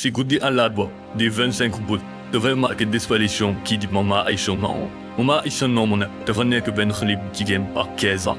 Si Goudi en la bois, de 25 bouts, devrait marquer disparition qui dit maman et son nom. Maman et son nom, vous devez devrait n'être que ben relibre qui gagne par 15 ans.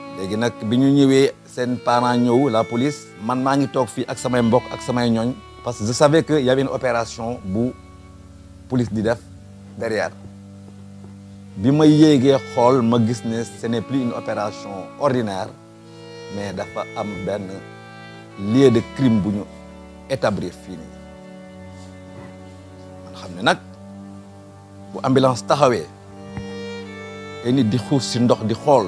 léegi nak biñu ñëwé sen seen parents ñëw la police man ma ngi tok fi ak samay mbokk ak samay ñooñ parce que je savais que y avait une opération bu police di def derrière bi ma yéegee xool ma gis né ce n'est plus une opération ordinaire mais dafa am ben lieu de crime bu ñu établir fii nii man xamné nak bu ambulance taxawé ay nit di xuus si ndox di xol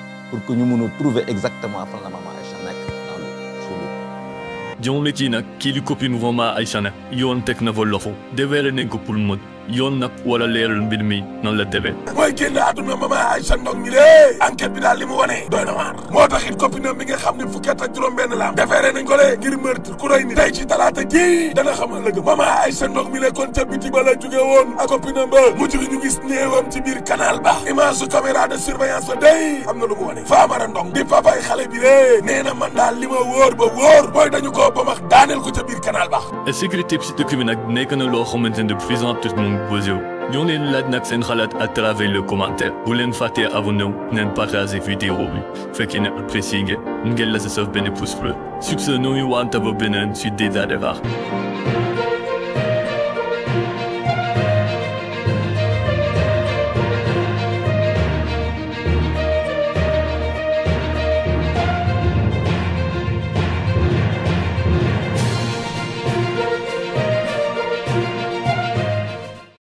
pour que nous trouvions trouver exactement la maman Aïcha dans le qui maman yoon nag wala leeral mbir mi nan la demee mooy génn àdduna mama Aïcha Ndong ñi dee bi daal li mu wane doy na waar moo tax it copinam bi nga xam ne fukki at ak juróom benn la am defeere nañ ko lee ngir meurtre ku rey ni tey ci talaata ji dana xam ëllëg mama Aïcha Ndong mi kon ca biti ba la jóge woon ak copinam ba mujj gi ñu gis néewam ci biir canal ba image su caméra de surveillance day am na lu mu wane Famara Ndong di papay xale bi dee nee na man li ma wóor ba wóor booy ko ca biir canal ba sécurité psychique bi nag nekk na loo Vous pouvez vous abonner à travers le commentaire. Boulen avant nous, n'en cette vidéo. Fait qu'il apprécie, n'gel la se sauve bene pouce bleu. Succès nous y wanta vos benen, des